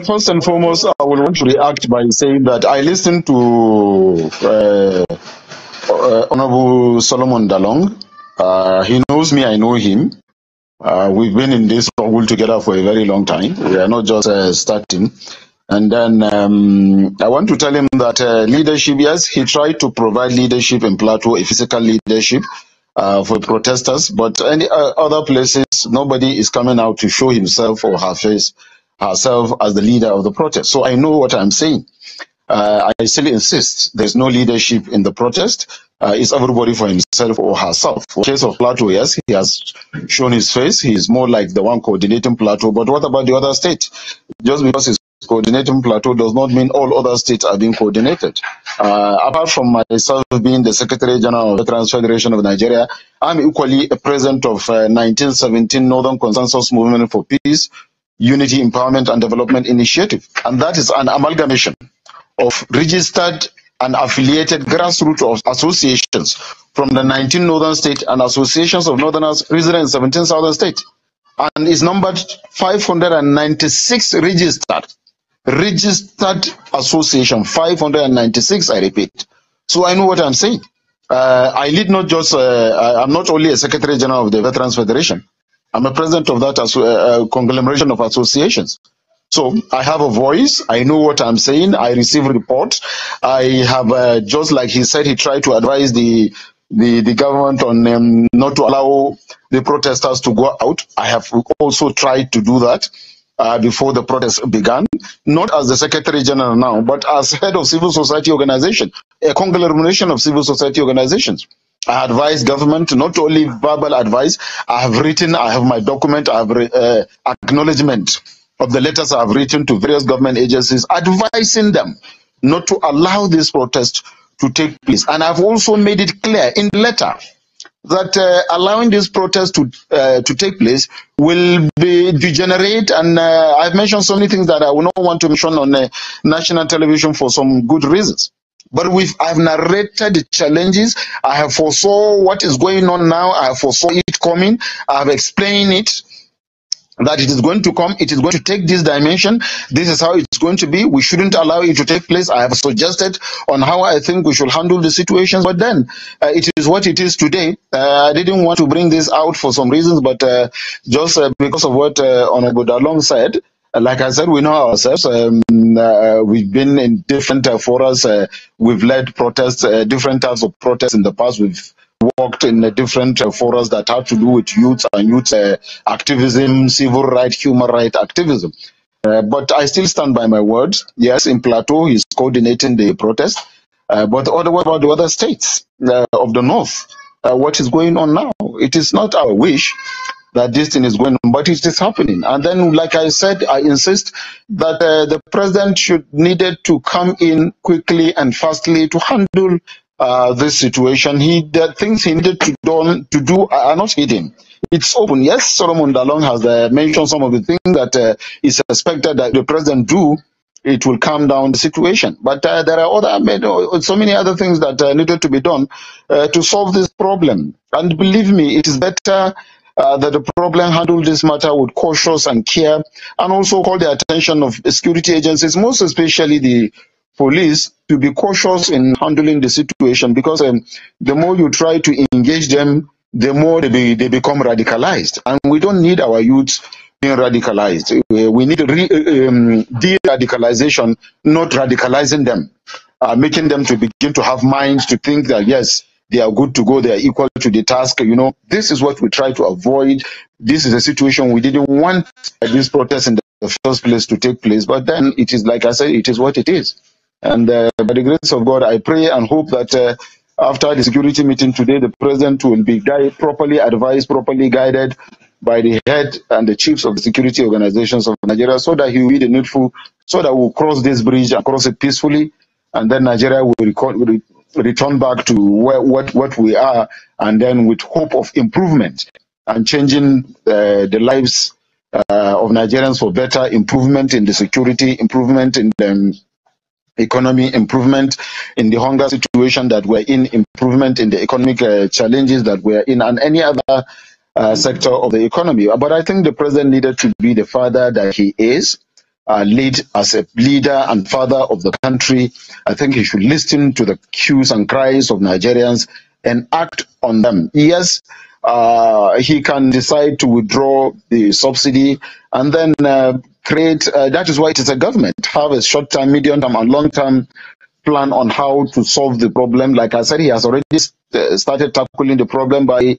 first and foremost, I will want to react by saying that I listened to uh, uh, Honorable Solomon Dalong. Uh, he knows me, I know him. Uh, we've been in this struggle together for a very long time. We are not just uh, starting. And then um, I want to tell him that uh, leadership, yes, he tried to provide leadership in Plateau, a physical leadership for protesters, but any other places, nobody is coming out to show himself or her face herself as the leader of the protest. So I know what I'm saying. Uh, I still insist there's no leadership in the protest. Uh, it's everybody for himself or herself. In case of Plateau, yes, he has shown his face. He is more like the one coordinating Plateau. But what about the other state? Just because he's coordinating Plateau does not mean all other states are being coordinated. Uh, apart from myself being the Secretary General of the Trans Federation of Nigeria, I'm equally a president of 1917 uh, Northern Consensus Movement for Peace, Unity Empowerment and Development Initiative. And that is an amalgamation of registered and affiliated grassroots associations from the 19 northern states and associations of northerners resident in 17 southern states. And is numbered 596 registered, registered association, 596, I repeat. So I know what I'm saying. Uh, I lead not just, uh, I'm not only a Secretary General of the Veterans Federation. I'm a president of that as, uh, uh, conglomeration of associations. So I have a voice. I know what I'm saying. I receive reports. I have uh, just like he said, he tried to advise the the, the government on um, not to allow the protesters to go out. I have also tried to do that. Uh, before the protest began, not as the Secretary General now, but as head of civil society organization, a conglomeration of civil society organizations. I advise government not only verbal advice. I have written, I have my document, I have uh, acknowledgement of the letters I have written to various government agencies advising them not to allow this protest to take place. And I've also made it clear in the letter that uh, allowing this protest to uh, to take place will be degenerate and uh, I've mentioned so many things that I will not want to mention on uh, national television for some good reasons. But we've, I've narrated the challenges. I have foresaw what is going on now. I foresaw it coming. I've explained it that it is going to come, it is going to take this dimension, this is how it's going to be, we shouldn't allow it to take place. I have suggested on how I think we should handle the situations, but then uh, it is what it is today. Uh, I didn't want to bring this out for some reasons, but uh, just uh, because of what uh, Honorable Dalom said, like I said, we know ourselves. Um, uh, we've been in different uh, forums. Uh, we've led protests, uh, different types of protests in the past. We've worked in uh, different uh, forums that have to do with youth and youth uh, activism, civil rights, human rights activism. Uh, but I still stand by my word. Yes, in Plateau, he's coordinating the protest. but other, what about the other states of the North? what is going on now? It is not our wish that this thing is going on, but it is happening. And then, like I said, I insist that uh, the president should needed to come in quickly and fastly to handle uh, this situation. He the things he needed to do, to do are not hidden. It's open. Yes, Solomon Dalong has uh, mentioned some of the things that uh, is expected that the president do. It will calm down the situation, but uh, there are other uh, so many other things that needed to be done to solve this problem. And believe me, it is better uh, that the problem handled this matter with cautious and care and also call the attention of security agencies, most especially the police, to be cautious in handling the situation because um, the more you try to engage them, the more they, be, they become radicalized. And we don't need our youth being radicalized. We need re, uh, um, de-radicalization, not radicalizing them, uh, making them to begin to have minds to think that, yes, they are good to go, they are equal to the task. You know, this is what we try to avoid. This is a situation we didn't want this protest in the first place to take place, but then it is like I said, it is what it is. And uh, by the grace of God, I pray and hope that uh, after the security meeting today, the president will be properly advised, properly guided by the head and the chiefs of the security organizations of Nigeria so that he will be the needful, so that we'll cross this bridge and cross it peacefully. And then Nigeria will, record, will return back to where, what, what we are, and then with hope of improvement and changing uh, the lives uh, of Nigerians for better improvement in the security, improvement in the um, economy, improvement in the hunger situation that we're in, improvement in the economic uh, challenges that we're in, and any other uh, sector of the economy. But I think the president needed to be the father that he is uh, lead as a leader and father of the country. I think he should listen to the cues and cries of Nigerians and act on them. Yes, uh, he can decide to withdraw the subsidy and then uh, create. Uh, that is why it is a government. Have a short term, medium term, and long term plan on how to solve the problem. Like I said, he has already uh, started tackling the problem by